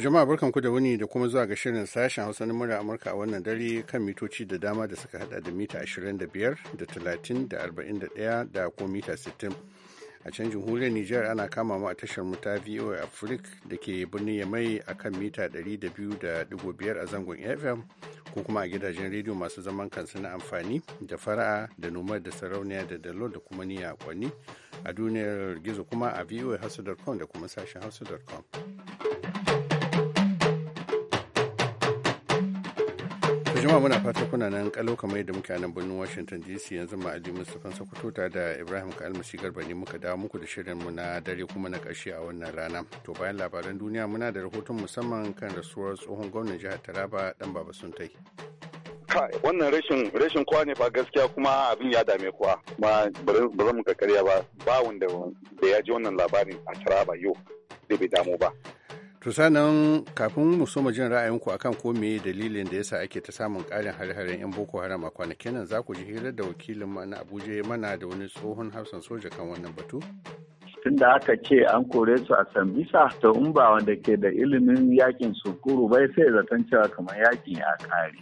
jama'a barkanku da wani da kuma zuwa ga shirin sashen Hausa na murya Amurka a wannan dare kan mitoci da dama da suka hada da mita 25 da 30 da 41 da ko mita 60. A canjin jamhuriyar Nijar ana kama mu a tashar mu ta VOA Africa da ke birnin Yamai a kan mita 200.5 a zangon FM ko kuma a gidajen rediyo masu zaman kansu na amfani da fara'a da noma da sarauniya da dalo da kuma niya kwanni a duniyar gizo kuma a voahausa.com da kuma sashen hausa.com. jama'a muna fata kuna nan kalo kamar yadda muke a nan birnin washington dc yanzu ma mustapha sokoto ta da ibrahim kalmasi garba ne muka dawo muku da shirin mu na dare kuma na karshe a wannan rana to bayan labaran duniya muna da rahoton musamman kan rasuwar tsohon gwamnan jihar taraba dan baba suntai wannan rashin rashin kowa ne ba gaskiya kuma abin ya dame kowa ma ba mu ka karya ba ba wanda da ya ji wannan labarin a taraba yau da bai damu ba to sanan kafin mu soma mu jin ra'ayinku akan ko me dalilin da yasa ake ta samun karin hare-haren yan boko haram a kwanakin nan za ku ji hira da wakilin mu na abuja mana da wani tsohon hafsan soja kan wannan batu tun da aka ce an kore su a sambisa to in ba wanda ke da ilimin yakin sukuru bai sai zaton cewa kamar yakin ya kare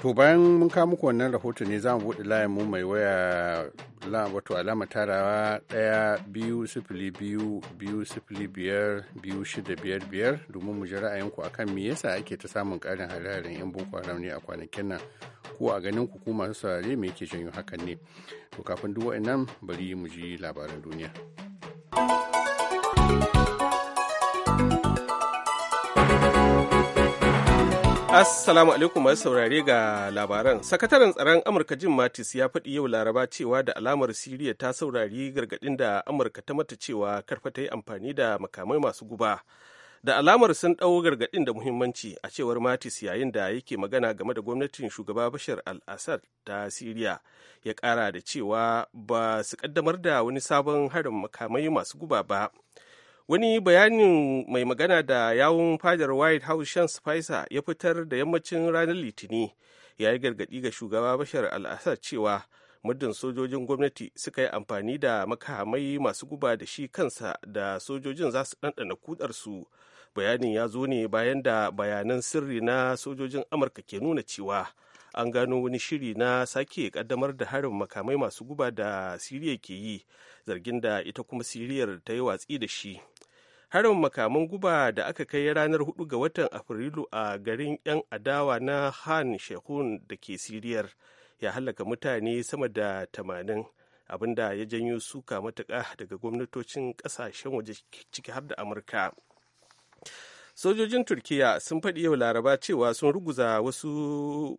To bayan mun kawo muku wannan rahoto ne za mu buɗe layin mu mai waya wato alama tarawa ɗaya biyu sifili biyu biyu sifili biyar biyu shida biyar biyar domin mu ji ra'ayinku akan me yasa ake ta samun ƙarin hare-haren 'yan boko haram ne a kwanakin nan ko a ganin ku ko masu saurare me yake janyo hakan ne to kafin duk wa'annan bari mu ji labaran duniya. Assalamu alaikum masu saurare ga labaran. Sakataren tsaron Amurka Jim Mattis ya faɗi yau Laraba cewa da alamar Siriya ta saurari gargaɗin da Amurka ta mata cewa karfa ta yi amfani da makamai masu guba. Da alamar sun ɗau gargaɗin da muhimmanci a cewar Mattis yayin da yake magana game da gwamnatin shugaba Bashar al-Assad ta Siriya ya ƙara da cewa ba su ƙaddamar da wani sabon harin makamai masu guba ba. wani bayanin mai magana da yawun fadar white house shan spicer ya fitar da yammacin ranar litini ya yi gargadi ga shugaba bashar al cewa muddin sojojin gwamnati suka yi amfani da makamai masu guba da shi kansa da sojojin za su ɗanɗana kudarsu bayanin ya zo ne bayan da bayanan sirri na sojojin amurka ke nuna cewa an gano wani shiri na sake kaddamar da harin makamai masu guba da siriya ke yi zargin da ita kuma siriyar ta yi watsi da shi harin makaman guba da aka kai ranar 4 ga watan afrilu a garin 'yan adawa na han shekun da ke siriyar ya hallaka mutane sama da 80 abinda ya janyo suka matuƙa daga gwamnatocin ƙasashen waje ciki har da amurka sojojin turkiya sun faɗi yau laraba cewa sun ruguza wasu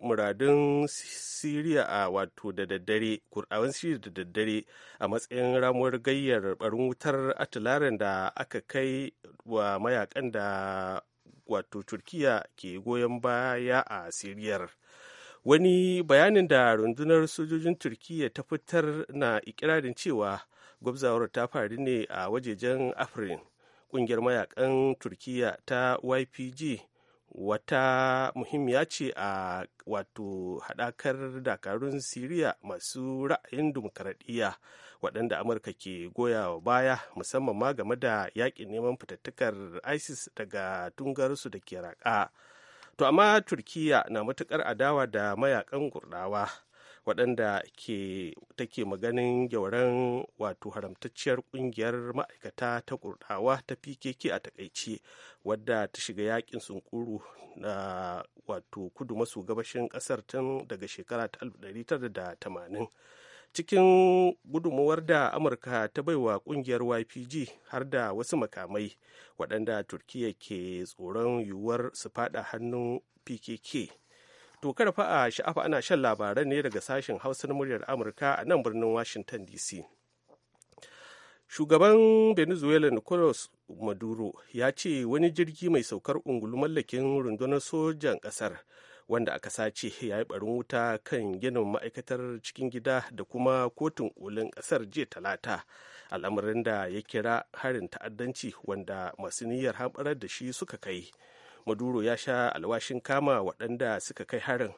muradun siriya a wato da daddare kur'awan siriya da daddare a matsayin ramuwar gayyar barin wutar atilaren da aka kai wa mayakan da wato turkiya ke goyon baya a siriyar wani bayanin da rundunar sojojin turkiya ta fitar na ikirarin cewa gwabzawar ta faru ne a wajejen afirin kungiyar mayakan turkiya ta ypg wata muhimmiya ce a wato haɗakar dakarun siriya masu ra'ayin dimokuraɗiyya waɗanda amurka ke goya wa baya musamman ma game da yaƙin neman fitattukar isis daga tungarsu da ke raƙa to amma turkiya na matuƙar adawa da mayakan gurɗawa. waɗanda take maganin gyauran wato haramtacciyar ƙungiyar ma'aikata ta kurɗawa ta pkk a takaice wadda ta shiga yakin sunkuru na wato kudu maso gabashin ƙasar tun daga shekara ta 1980 cikin gudunmuwar da amurka ta baiwa kungiyar ypg har da wasu makamai waɗanda turkiyya ke tsoron yiwuwar su fada hannun pkk to fa a sha'afa ana shan labaran ne daga sashen hausa na muryar amurka a nan birnin washington dc shugaban venezuela nicolas maduro ya ce wani jirgi mai saukar ungulu mallakin rundunar sojan kasar wanda aka sace ya yi barin wuta kan ginin ma'aikatar cikin gida da kuma kotun kolin kasar jiya talata al'amarin da ya kira harin ta'addanci wanda masu niyyar hamɓarar da shi suka kai maduro ya sha alwashin kama waɗanda suka kai harin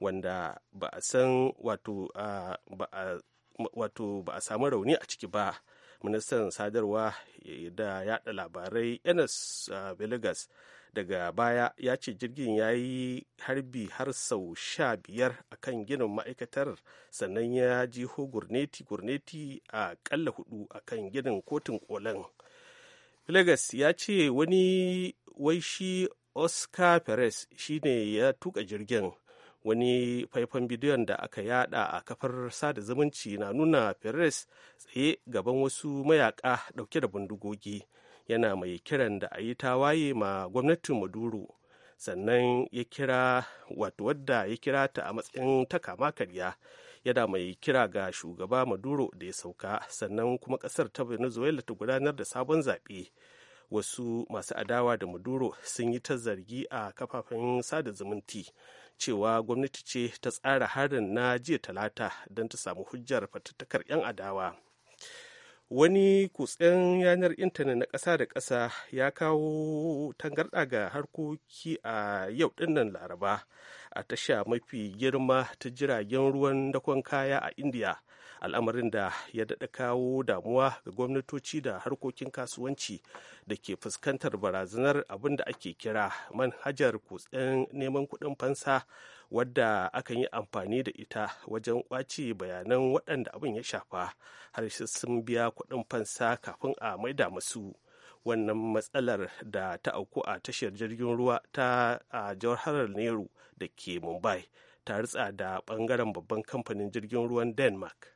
wanda ba a san wato ba a samu rauni a ciki ba ministan sadarwa da yada labarai enes belagas daga baya ya ce jirgin ya yi harbi har sau sha biyar a kan ginin ma'aikatar sannan ya jiho gurneti gurneti a kalla hudu a kan ginin kotun kolon Legas ya ce wani waishi oscar perez shi ne ya tuka jirgin wani faifan bidiyon da aka yada a kafar sada zumunci na nuna perez tsaye gaban wasu mayaka dauke da bindigogi yana mai kiran da a yi tawaye ma gwamnatin maduro sannan ya kira wato wadda ya kira ta a matsayin takama karya yana mai kira ga shugaba maduro da ya sauka sannan kuma kasar ta venezuela ta gudanar da sabon zaɓe wasu masu adawa da maduro sun yi ta zargi a kafafen sada zumunci cewa gwamnati ce ta tsara harin na jiya talata don ta samu hujjar fatattakar 'yan adawa wani kutsen yanar intanet na ƙasa da ƙasa ya kawo tangarɗa ga harkoki a yau dinnan laraba a tasha mafi girma ta jiragen ruwan dakon kaya a indiya al'amarin da ya daɗa kawo damuwa ga gwamnatoci da harkokin kasuwanci da ke fuskantar barazanar abin da ake kira manhajar kutsen neman kuɗin fansa wadda akan yi amfani da ita wajen ƙwace bayanan waɗanda abin ya shafa har sun biya kuɗin fansa kafin a maida masu wannan matsalar da ta auku a tashar jirgin ruwa ta a jihar Nehru da ke Mumbai ta ritsa da ɓangaren babban kamfanin jirgin ruwan Denmark.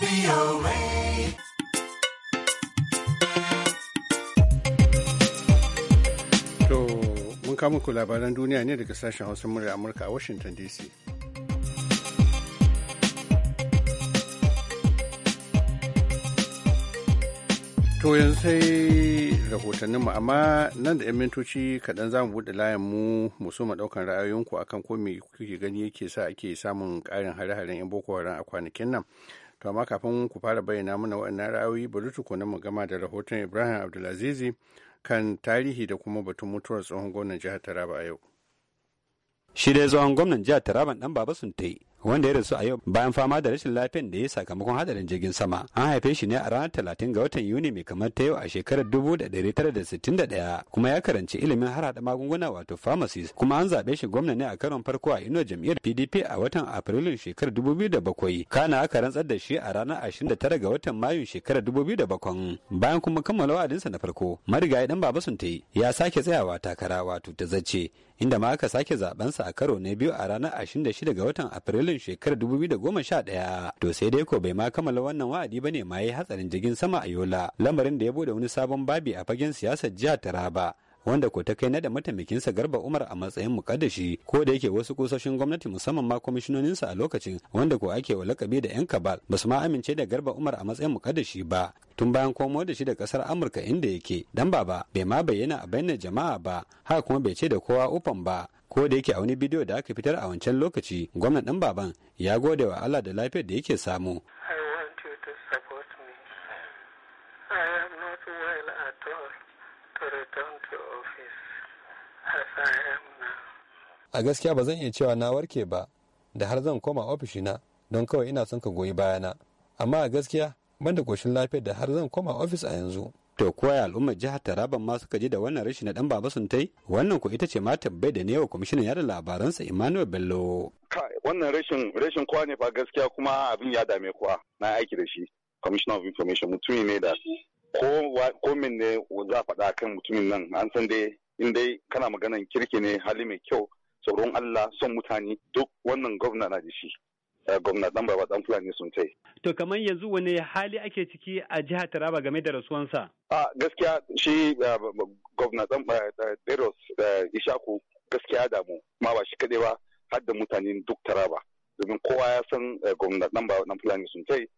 mun kama ku labaran duniya ne daga sashen hausa murya amurka a washington dc to yanzu sai rahotanninmu amma nan da 'yan mintoci kaɗan za mu buɗe layan mu musu so ɗaukan ra'ayoyinku akan ko me kuke gani yake sa ake samun ƙarin hare-haren 'yan boko haram a kwanakin nan to amma kafin ku fara bayyana mana waɗannan ra'ayoyi bari na mu gama da rahoton ibrahim abdulazizi kan tarihi da kuma batun mutuwar tsohon gwamnan jihar taraba a yau shi dai tsohon gwamnan jihar taraba dan baba sun ta yi wanda ya rasu a yau bayan fama da rashin lafiyan da ya sakamakon hadarin jirgin sama an haife shi ne a ranar talatin ga watan yuni mai kamar ta yau a shekarar dubu da ɗari tara da sittin da ɗaya kuma ya karanci ilimin har haɗa magunguna wato pharmacist kuma an zaɓe shi gwamna ne a karon farko a ino jam'iyyar pdp a watan afrilun shekarar dubu biyu da bakwai kana aka rantsar da shi a ranar ashirin da tara ga watan mayun shekarar dubu biyu da bakwai bayan kuma kammala wa'adinsa na farko marigayi dan baba sun yi. ya sake tsayawa takara wato ta zace inda ma aka sake zaɓensa a karo na biyu a ranar ashirin da shida ga watan afrilun watan shekarar 2011 to sai dai ko bai ma kammala wannan wa'adi ba ne ma ya yi hatsarin jirgin sama a yola lamarin da ya bude wani sabon babi a fagen siyasar jihar taraba wanda ko ta kai na da mataimakinsa garba umar a matsayin mukaddashi ko da yake wasu kusoshin gwamnati musamman ma kwamishinoninsa a lokacin wanda ko ake wa lakabi da yan kabal ba su ma amince da garba umar a matsayin mukaddashi ba tun bayan komo da shi da kasar amurka inda yake dan baba bai ma bayyana a bayyana jama'a ba haka kuma bai ce da kowa ufan ba ko da yake a wani bidiyo da aka fitar a wancan lokaci gwamnan ɗan baban ya gode wa Allah da lafiyar da yake samu a gaskiya ba zan iya cewa na warke ba da har zan koma ofishina don kawai ina son ka goyi bayana amma a gaskiya ban da koshin lafiyar da har zan koma ofis a yanzu To koya al'ummar jihar Taraban ma suka ji da wannan rashi na dan baba sun tai? Wannan ku ita ce ma tabbai da ne wa kwamishinan yada labaransa Emmanuel Bello. wannan rashin rashin kowa ne ba gaskiya kuma abin ya dame kowa na aiki da shi. Commissioner of Information mutumi ne da ko min ne za faɗa kan mutumin nan an san dai in dai kana maganan kirki ne hali mai kyau tsoron Allah son mutane duk wannan gwamna na da shi. Eh, gwamna dan baba dan fulani sun ce. To kamar yanzu wani hali ake ciki a jihar Taraba game da rasuwansa? A gaskiya shi eh, gwamna dan eh, deros Ishaku gaskiya damu ma ba shi kaɗai ba har da mutanen duk Taraba. Domin kowa ya san gwamna dan baba dan fulani sun ce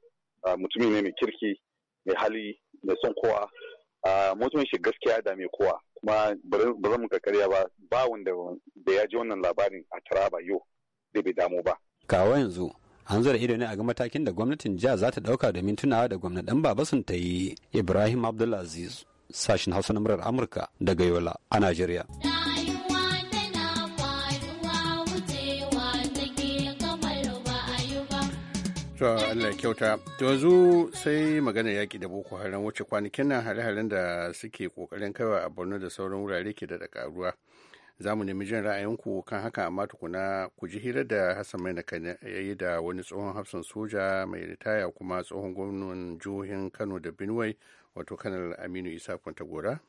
mutumi ne mai kirki mai hali mai son kowa mutumin shi gaskiya da mai kowa kuma ba zan muka karya ba ba wanda da ya ji wannan labarin a Taraba yau da bai damu ba. kawo yanzu an zura ido ne a ga matakin da gwamnatin jiya za ta dauka domin tunawa da gwamnatin babasun ta yi ibrahim abdulaziz sashin hausa na murar amurka daga yola a najeriya to Allah kyauta to yanzu sai magana yaƙi da boko haram wuce kwanakin nan hare-haren da suke ƙoƙarin kaiwa a borno da sauran wurare ke da ƙaruwa za mu nemi jin ra'ayinku kan haka amma tukuna ku ji hira da hassan mai na ya yi da wani tsohon hafsan soja mai ritaya kuma tsohon gwamnan jihohin kano da benue wato kanar aminu isa gora.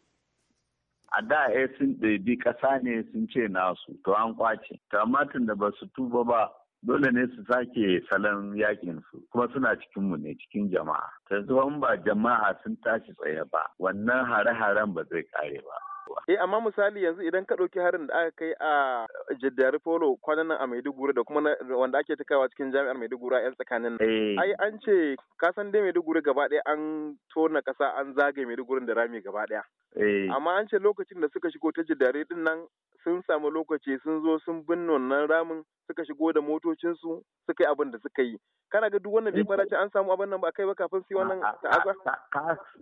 a da ya eh, sun ɗaiɗi ƙasa ne sun ce nasu to an kwace to da ba su tuba ba dole ne su sake salon yakin su kuma suna cikin mu ne cikin jama'a ta ba jama'a sun tashi tsaye ba wannan hare-haren ba zai kare ba Eh amma misali yanzu idan ka ɗauki harin da aka kai a Jaddari Polo kwanan nan a Maiduguri da kuma wanda ake takawa cikin jami'ar Maiduguri a 'yan tsakanin nan. Eh. Ai an ce kasan dai Maiduguri gaba ɗaya an tona ƙasa an zagaye Maiduguri da rami gaba ɗaya. Eh. amma an ce lokacin da suka shigo ta jidare din nan sun samu lokaci sun zo sun binne wannan ramin suka shigo da motocinsu suka yi abin da suka yi kana ga duk wannan bai fara an samu abin nan ba kai ba kafin su wannan ta'aza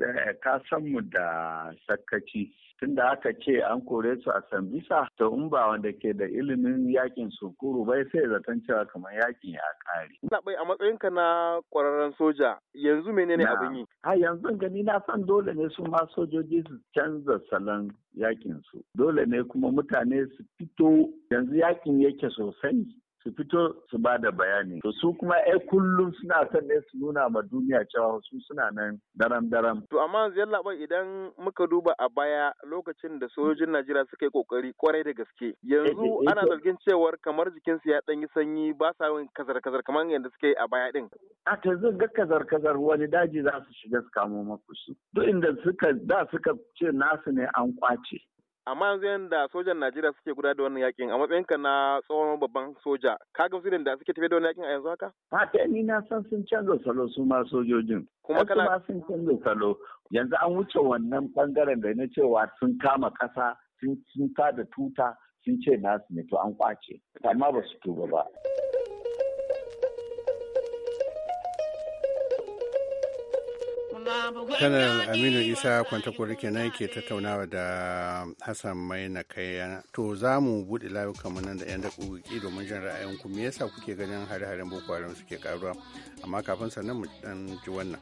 eh, ka san mu da sakkaci tunda aka ce an kore su a sambisa to in ba wanda ke da ilimin yakin sukuru bai sai zaton cewa kamar yakin ya kare na bai a matsayin ka na kwararren soja yanzu menene abin yi ha yanzu gani na san dole ne su ma sojoji su canza salon yakin su dole ne kuma mutane su fito yanzu yakin yake sosai su fito su ba da bayani to su kuma ai kullum suna son ne su nuna ma duniya cewa su suna nan daram daram to amma yalla ba idan muka duba a baya lokacin da sojojin Najeriya suka yi kokari kwarai da gaske yanzu eh, eh, eh, ana zargin cewar kamar jikin ya dan sanyi ba sa yin kazar kazar kamar yadda suka yi a baya din a ta ga kazar kazar wani daji za su shiga su kamo maku su duk inda suka da suka ce nasu ne an kwace amma yanzu yadda sojan Najeriya suke guda da wannan yakin a ka na tsohon babban soja ka ga su da suke tafiye da wannan yakin a yanzu haka haka ni na san sun canza salo su ma sojojin kuma kana sun canza salo yanzu an wuce wannan bangaren da na cewa sun kama kasa sun sun da tuta sun ce nasu ne to an kwace amma ba su tuba ba kanar aminu isa kwantakwari kenan ke tattaunawa da hassan mai na kai to za mu buɗe layukanmu nan da 'yan daƙoƙi domin jin ra'ayinku me yasa kuke ganin hare-haren boko haram suke karuwa amma kafin sannan mu ɗan ji wannan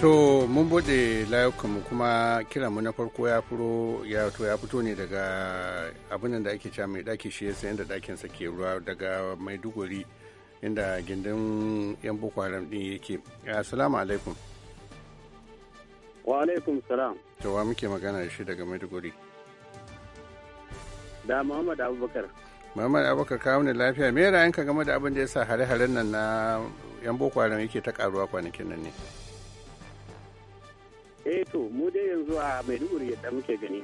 To mun bude layukanmu kuma mu na farko ya furo ya to ya fito ne daga abinan da ake cewa mai daki shi yasa inda dakin sa ke ruwa daga Maiduguri inda gindin yan boko haram din yake. Assalamu alaikum. Wa alaikum salam. To wa muke magana da shi daga Maiduguri? Da Muhammad Abubakar. Muhammad Abubakar kawo ne lafiya. Me ra'ayinka game da abin da ya sa hare-haren nan na yan boko haram yake ta karuwa kwanakin nan ne? eh to mu dai yanzu a maiduguri yadda muke gani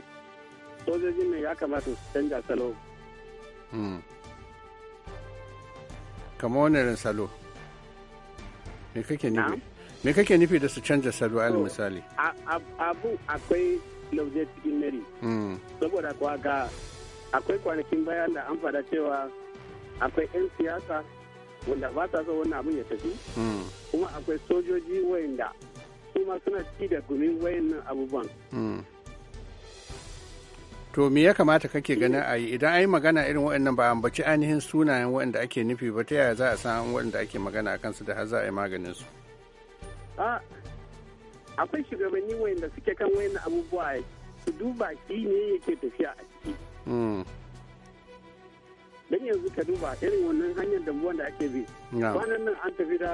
sojojin nan ya kamata su canja salo hmm. kamar wani irin salo me kake nufi me kake nufi da su canja salo a misali abu akwai lauje cikin mary hmm. saboda kuwa ga akwai kwanakin bayan da an fada cewa akwai 'yan siyasa wanda ba sa so wannan abin ya tafi hmm. kuma akwai sojoji wayanda kuma suna ci da gumin wayannan abubuwan hmm. to me ya kamata kake ganin a yi idan an yi magana irin waɗannan ba ambaci ainihin sunayen waɗanda ake nufi ba ta yaya za a san waɗanda ake magana a kansu da har za a yi maganin su akwai shugabanni waɗanda suke kan wayan abubuwa su duba shi ne yake tafiya a ciki hmm. Dan yanzu ka duba irin wannan hanyar da buwan da ake bi kwanan nan an tafi da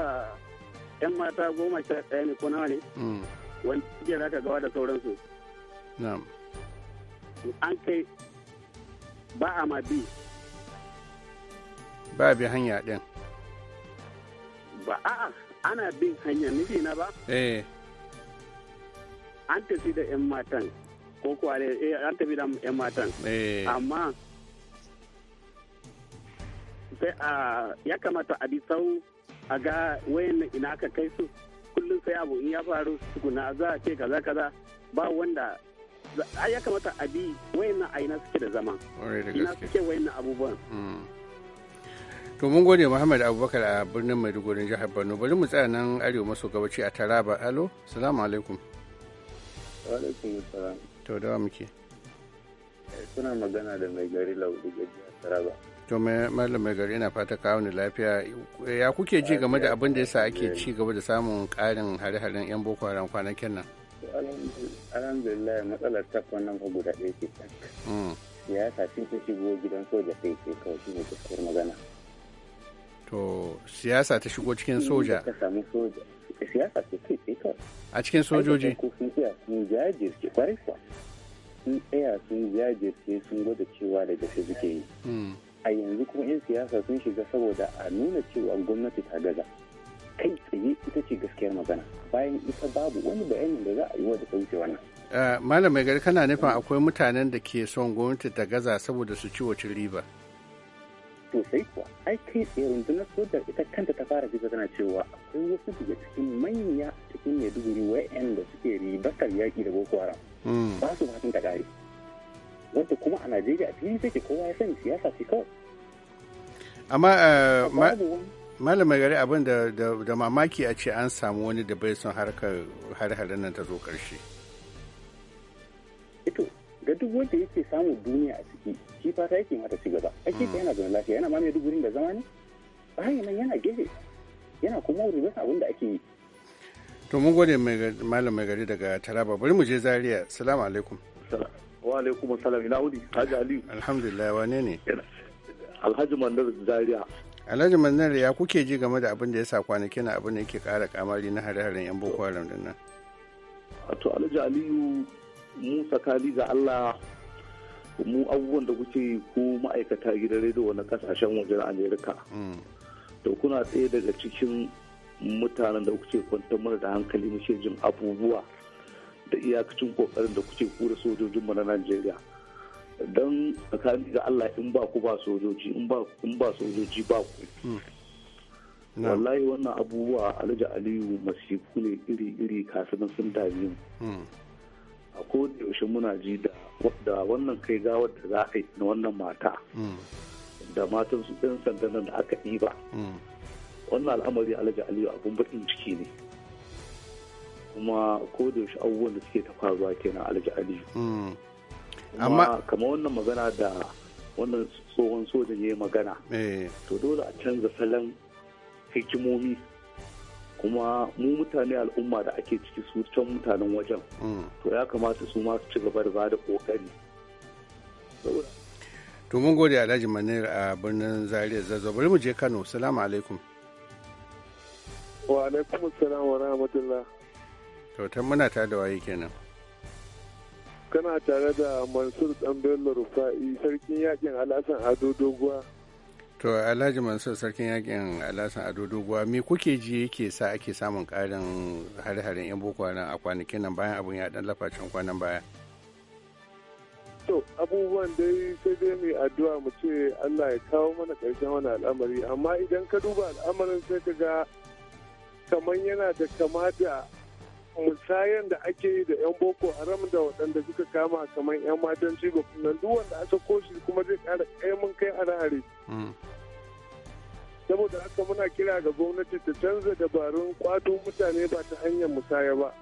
'yan mata goma sha ɗaya ne ko nawa ne mm. wani suke za ka gawa da sauransu an kai ba a ma bi ba bi hanya ɗin ba a'a ana bin hanya nufi na ba eh an tafi da 'yan matan ko kuwa eh, an tafi da 'yan matan eh. amma sai a ah, ya kamata a bi sau a ga wayan ina aka kai su kullum sai abu in ya faru tukuna za a ce kaza kaza ba wanda ai ya kamata a bi a ina suke da zama ina suke wayannan abubuwan hmm. to mun gode muhammad abubakar a birnin maiduguri jihar borno bari mu tsaya nan arewa maso gabaci a taraba alo salamu alaikum alaikum salam to dawa muke suna eh, magana da mai gari lauɗi ga jihar taraba to mai gari ina fata kawo ni lafiya ya kuke ji game da abin da yasa ake ci gaba da samun karin hare-haren yan boko haram kwanakin nan alhamdulillah matsalar ta nan ko guda ɗaya ce mm. siyasa cin ta shigo gidan soja sai ke kawai shi ne gaskiyar magana to siyasa ta shigo cikin soja ta samu soja siyasa ce kai sai a cikin sojoji sun tsaya sun jajirce kwarai sun tsaya sun jajirce sun gwada cewa da gaske suke yi mm. a yanzu kuma 'yan siyasa sun shiga saboda a nuna cewa gwamnati ta gaza kai tsaye ita ce gaskiyar magana bayan ita babu wani bayanin da za a yi wa da wuce wannan eh, malam mai gari kana nufin akwai mutanen da ke son gwamnati ta gaza saboda su ci wacin riba sosai kuwa ai kai tsaye rundunar sojar ita kanta ta fara fita tana cewa akwai wasu daga cikin manya cikin maiduguri wa'yan da suke ribatar yaƙi da boko haram hmm. ba su fatan ta ƙare. wanda kuma a najeriya a fili take kowa ya sani siyasa ce kawai amma eh, malam gari abin da mamaki a ce an samu wani da bai son harkar har nan ta zo karshe ito ga duk wanda yake samun duniya a ciki shi fata yake mata ci gaba ake yana zama lafiya yana mamaye duk wurin da zama ne bayan nan yana gefe yana kuma wurin abin da ake yi to mun gode malam mai gari daga taraba bari mu je zaria salamu alaikum wa alaikum salam ina wuni haji aliyu alhamdulillah wane ne alhaji mandar zaria alhaji mandar ya kuke ji game da abin da ya sa kwanaki na abin da yake kara kamari na hare-haren yan boko haram din nan to alhaji aliyu mu tsakani ga allah mu abubuwan da kuke ko ma'aikata gidan rediyo na kasashen wajen amerika mm. to kuna tsaye daga cikin mutanen da kuke kwantar mana da hankali muke jin abubuwa da iyakacin kokarin da kuke kura sojojinmu na najeriya don tsakani ga allah in ba ku ba sojoji in ba sojoji ba ku hmm. wallahi wannan abubuwa alhaji aliyu masifu ne iri-iri kafin sun dami mu hmm. a yaushe muna ji da wannan kai gawar da za a yi na wannan mata hmm. da matan su ɗin sandanan da aka ɗiba wannan al'amari alhaji aliyu abun baƙin ciki ne kuma ko da yaushe abubuwan da suke ta faruwa kenan alhaji hmm. amma kamar wannan magana da wannan tsohon soja ne magana eh. to dole a canza salon hikimomi kuma mu mutane al'umma da ake ciki su can mutanen wajen hmm. to ya kamata su ma su ci gaba da bada kokari to mun gode alhaji manir a birnin zaria zazzau bari mu je kano salamu alaikum wa alaikum assalam wa rahmatullah Kyautar muna tare da waye kenan. Kana tare da Mansur Dan Bello Rufa'i sarkin yakin Alhassan Ado Doguwa. To Alhaji Mansur sarkin yakin Alhassan Ado Doguwa me kuke ji yake sa ake samun ƙarin hare-haren 'yan boko nan a kwanakin nan bayan abun ya dan lafacin kwanan baya. to abubuwan dai sai dai mai addu'a mu ce Allah ya kawo mana ƙarshen wani al'amari amma idan ka duba al'amarin sai ka ga kamar yana da kama da musayan da ake yi da 'yan boko haram da waɗanda suka kama kamar 'yan matan cigo nan duk wanda aka koshi kuma zai ƙara kaimun kai a rahare hmm. saboda haka muna kira ga gwamnati ta canza dabarun kwato mutane ba ta hanyar musaya ba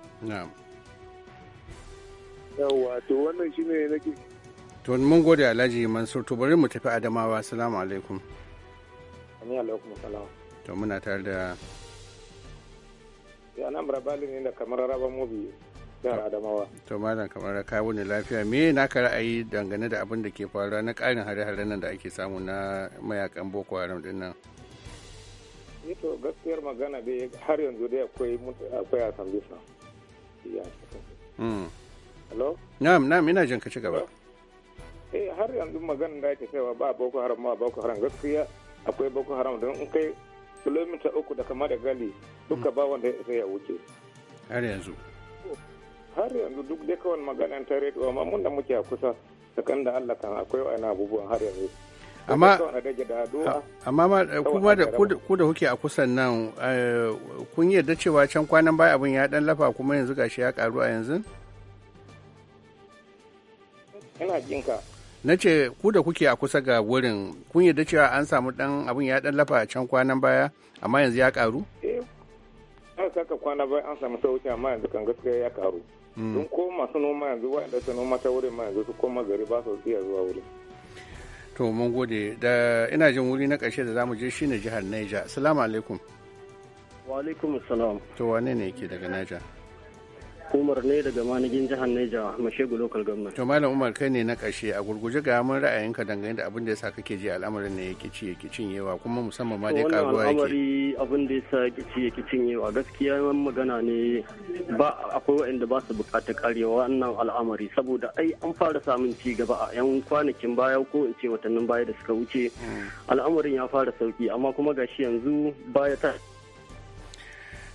yawa to wannan shine nake to mun gode alhaji mansur to bari mu tafi adamawa assalamu alaikum alaikum to muna tare da ya nan ne da kamar raba mobi yara ah. adamawa to malam kamar ka wuni lafiya me na ka ra'ayi dangane da abin da ke faruwa na karin hare hare nan da ake samu na mayakan boko haram din nan eh, to gaskiyar magana dai har yanzu dai akwai akwai a bisa hmm. Hello? Na'am, na'am, ina jin ka ci gaba. Eh, har yanzu magana da ake cewa ba Boko Haram ma Boko Haram gaskiya akwai Boko Haram don in kai kilomita uku da madagali da gali duka mm. ba wanda ya isa ya wuce har yanzu har yanzu duk dai kawai magana ta rediyo amma mun da muke a kusa sakan da Allah kan akwai wani abubuwan har yanzu amma amma eh, kuma da ku da kuke a kusan nan eh, kun yarda cewa can kwanan baya abin ya dan lafa kuma yanzu gashi ya karu a yanzu ina jinka na ce ku da kuke a kusa ga wurin kun yi cewa an samu dan abin ya dan lafa a can kwanan baya amma yanzu ya karu eh saka kwana baya an samu sauki amma yanzu kan gaskiya ya karu hmm. don ko masu noma yanzu wa su noma ta wurin ma yanzu su koma gari ba su iya zuwa wurin to mun gode da ina jin wuri na ƙarshe da za mu je shine jihar Niger assalamu alaikum wa alaikum assalam to wane ne yake daga Niger Umar ne daga manajin jihar Neja Mashegu lokal Government. To Malam Umar kai ne na ƙarshe a gurguje ga mun ra'ayinka dangane da abin da yasa kake ji al'amarin ne yake ci yake cinyewa kuma musamman ma dai karuwa yake. Wannan al'amari abin da yasa yake ci yake cinyewa gaskiya magana ne ba akwai waɗanda ba su buƙatar karewa wannan al'amari saboda ai an fara samun ci gaba a yan kwanakin baya ko in ce watannin baya da suka wuce mm. al'amarin ya fara sauki amma kuma gashi yanzu baya ta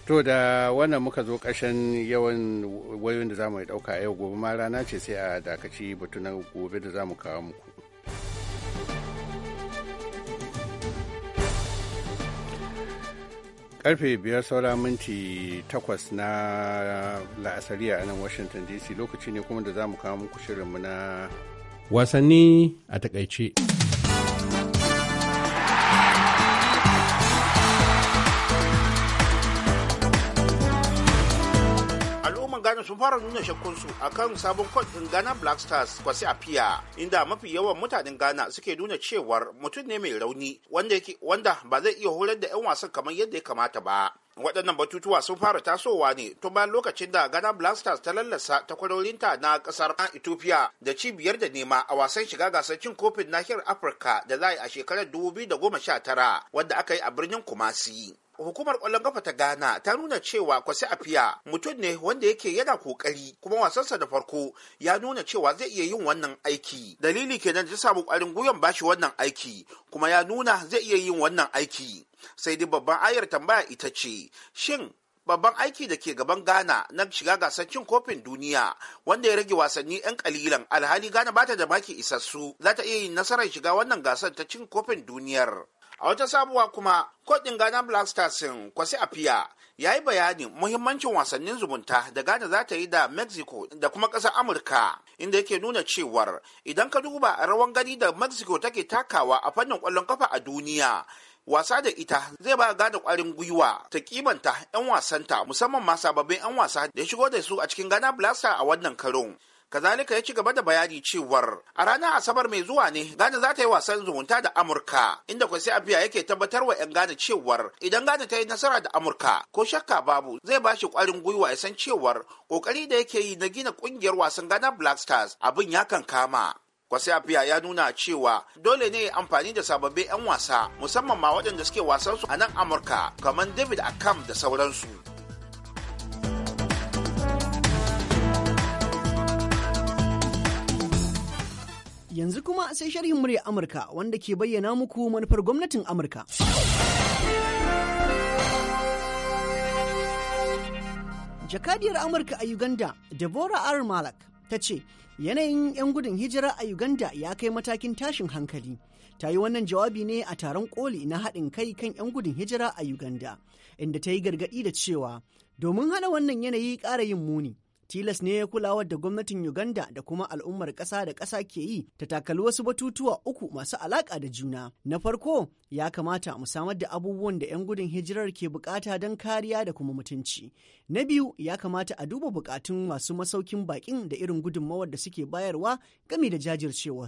To da wannan muka zo ƙarshen yawan wayoyin da za mu ɗauka yau gobe ma rana ce sai a dakaci batu gobe da za mu kawo muku. Karfe biyar saura minti takwas na la'asari a nan Washington DC lokaci ne kuma da za mu kawo muku shirinmu na wasanni a takaice. fara nuna shakkunsu a kan sabon kwan ɗin Ghana Black Stars Kwasi Apia, inda mafi yawan mutanen Ghana suke nuna cewar mutum ne mai rauni wanda ba zai iya horar da 'yan wasan kamar yadda ya kamata ba. waɗannan batutuwa sun fara tasowa ne tun bayan lokacin da ghana blasters ta lallasa takwarorinta na ƙasar ethiopia da cibiyar da nema a wasan shiga gasar cin kofin nahiyar afirka da za a shekarar 2019 wadda aka yi a birnin kumasi hukumar kwallon kafa ta Ghana ta nuna cewa Kwasi Afiya mutum ne wanda yake yana kokari kuma wasansa da farko ya nuna cewa zai iya yin wannan aiki. Dalili kenan da ta samu kwarin gwiwan bashi wannan aiki kuma ya nuna zai iya yin wannan aiki. Sai dai babban ayar tambaya ita ce, shin babban aiki da ke gaban Ghana na shiga gasar cin kofin duniya wanda ya rage wasanni 'yan kalilan alhali Ghana bata da maki isassu za ta iya yin nasarar shiga wannan gasar ta cin kofin duniyar. A wata sabuwa kuma kodin Ghana Black Stars Kwasi fiya, ya yi bayani muhimmancin wasannin zumunta da Ghana za ta yi da Mexico da kuma ƙasar Amurka inda yake nuna cewar idan ka duba rawan gani da Mexico take takawa a fannin kwallon kafa a duniya wasa da ita zai ba gada kwarin gwiwa ta kimanta 'yan wasanta musamman ma sababbin 'yan wasa da ya shigo da su a cikin Ghana Blaster a wannan karon. kazalika ya ci gaba da bayani cewar a ranar asabar mai zuwa ne ghana za ta yi wasan zumunta da amurka inda kwasi abiya yake tabbatar wa 'yan ghana cewar idan ghana ta yi nasara da amurka ko shakka babu zai ba shi kwarin gwiwa ya san cewar kokari da yake yi na gina kungiyar wasan ghana black stars abin ya kan kama kwasi abiya ya nuna cewa dole ne ya amfani da sababbin 'yan wasa musamman ma waɗanda suke wasansu a nan amurka kamar david akam da sauransu yanzu kuma sai sharhin murya Amurka wanda ke bayyana muku manufar gwamnatin Amurka. Jakadiyar Amurka a Uganda, Deborah R. Malak, ta ce, yanayin 'yan gudun hijira a Uganda ya kai matakin tashin hankali. ta yi wannan jawabi ne a taron koli na haɗin kai kan 'yan gudun hijira a Uganda, inda ta yi gargaɗi da cewa domin hana wannan yanayi ƙara yin muni, tilas ne ya kulawar da gwamnatin Uganda da kuma al'ummar ƙasa da ƙasa ke yi ta takali wasu batutuwa uku masu alaƙa da juna. Na farko, ya kamata mu samar da abubuwan da 'yan gudun hijirar ke bukata don kariya da kuma mutunci. Na biyu, ya kamata a duba bukatun masu masaukin bakin da irin gudunmawar da suke bayarwa game da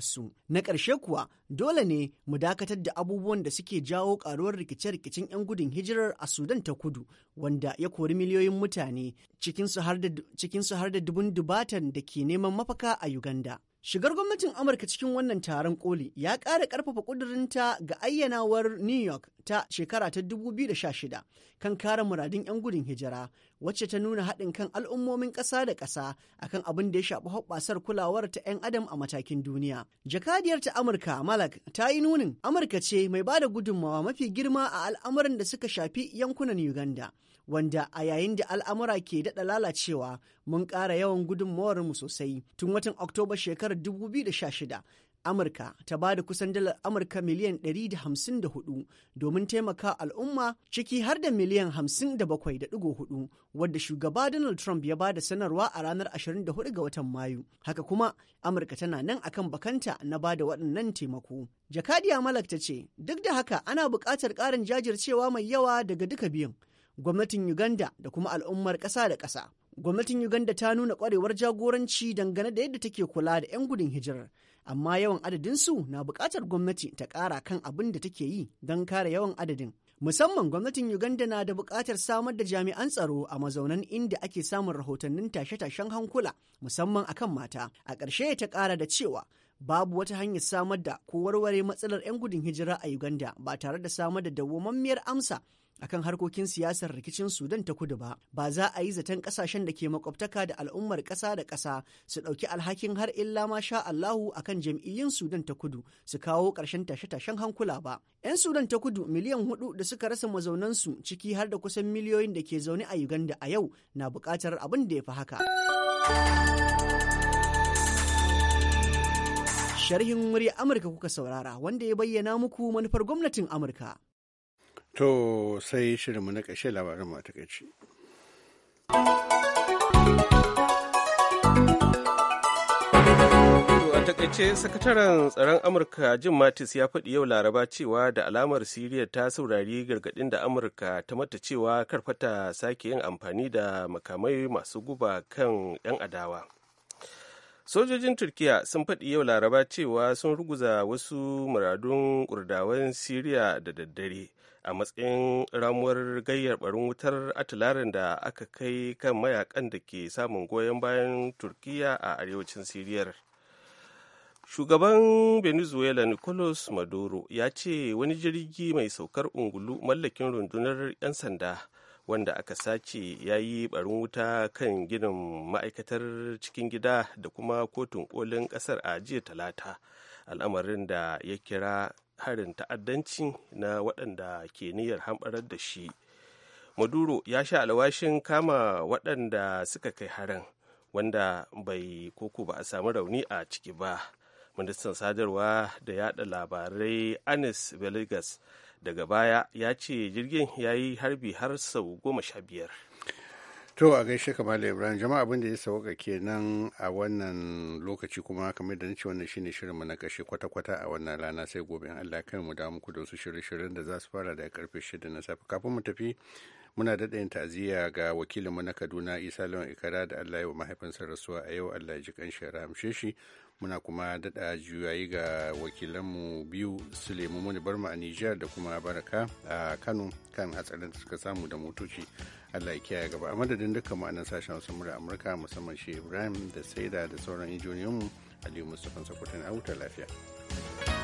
su Na ƙarshe kuwa, dole ne mu dakatar da abubuwan da suke jawo ƙaruwar rikice-rikicen 'yan gudun hijirar a Sudan ta kudu, wanda ya kori miliyoyin mutane, cikinsu har da cikinsu su har da dubun dubatan da ke neman mafaka a Uganda. Shigar gwamnatin Amurka cikin wannan taron koli ya ƙara ƙarfafa ƙudurinta ga ayyanawar New York ta shekara ta 2016 kan kare muradin 'yan gudun hijira wacce ta nuna haɗin kan al'ummomin ƙasa da ƙasa akan abin da ya shafi hoɓɓasar kulawar ta 'yan adam a matakin duniya. Jakadiyar ta Amurka Malak ta yi nunin Amurka ce mai ba da gudunmawa mafi girma a al'amuran da suka shafi yankunan Uganda. wanda a yayin da al'amura ke daɗa lalacewa mun ƙara yawan gudunmawarmu sosai tun watan oktoba shekarar 2016 Amurka ta ba da kusan dalar Amurka miliyan 154 domin taimaka al'umma ciki har da miliyan 57.4 wadda shugaba Donald Trump ya ba da sanarwa a ranar 24 ga watan Mayu. Haka kuma Amurka tana nan akan bakanta na ba da waɗannan taimako. Jakadiya Malak ta ce, duk da haka ana buƙatar ƙarin jajircewa mai yawa daga duka biyun. gwamnatin Uganda da kuma al'ummar ƙasa da ƙasa. Gwamnatin Uganda ta nuna ƙwarewar jagoranci dangane da yadda take kula da 'yan gudun hijirar, amma yawan adadin su na buƙatar gwamnati ta ƙara kan abin da take yi don kare yawan adadin. Musamman gwamnatin Uganda na da buƙatar samar da jami'an tsaro a mazaunan inda ake samun rahotannin tashe-tashen hankula, musamman akan mata. A ƙarshe ta ƙara da cewa babu wata hanyar samar da ko warware matsalar 'yan gudun hijira a Uganda ba tare da samar da dawwammamiyar amsa akan harkokin siyasar rikicin Sudan ta kudu ba, ba za a yi zaton kasashen da ke makwabtaka da al'ummar ƙasa da ƙasa su ɗauki alhakin har illa ma sha Allahu kan jam'iyyun Sudan ta kudu su kawo ƙarshen tashe-tashen hankula ba. 'Yan Sudan ta kudu miliyan hudu da suka rasa mazaunansu ciki har da kusan miliyoyin da ke zaune a Uganda a yau na buƙatar abin da ya fi haka. Sharhin murya Amurka kuka saurara wanda ya bayyana muku manufar gwamnatin Amurka. To sai shirinmu na ƙashe labarin mu ta a takaice sakataren tsaron amurka jim mattis ya faɗi yau laraba cewa da alamar siriya ta saurari gargaɗin da amurka ta mata cewa karfata sake yin amfani da makamai masu guba kan 'yan adawa sojojin turkiya sun faɗi yau laraba cewa sun ruguza wasu muradun ƙurdawan siriya da daddare a matsayin ramuwar gayyar barin wutar atilarin da aka kai kan mayakan da ke samun goyon bayan turkiya a arewacin siriyar shugaban venezuela nicolas maduro ya ce wani jirgi mai saukar ungulu mallakin rundunar 'yan sanda wanda aka sace ya yi barin wuta kan ginin ma'aikatar cikin gida da kuma kotun kolin kasar a jiya talata al'amarin da ya kira harin ta'addanci na waɗanda ke niyyar hamɓarar da shi maduro ya sha alwashin kama waɗanda suka kai harin wanda bai koko ba a samu rauni a ciki ba ministan sadarwa da yada labarai anis beligas daga baya ya ce jirgin ya yi harbi har sau goma sha biyar To a gaishe kamar Ibrahim jama'a abin da ya sauka kenan a wannan lokaci kuma kamar da nace wannan shine shirinmu na kashe kwata-kwata a wannan rana sai gobe in Allah kai mu da muku da wasu shirye-shiryen da za su fara da karfe 6 na safe kafin mu tafi muna da ta'aziyya ga wakilinmu na Kaduna Isa Lawan Ikara da Allah ya wa mahaifinsa rasuwa a yau Allah ya ji kanshi ya rahamshe shi muna kuma daɗa juyayi ga wakilanmu biyu sulemu muni barma a nijar da kuma baraka a kano kan hatsarin da suka samu da motoci allah ya kiyaye gaba a madadin dukkan ma'anar sashen wasu murar amurka musamman shi ibrahim da saida da sauran injiniyanmu aliyu mustapha sakwatin a huta lafiya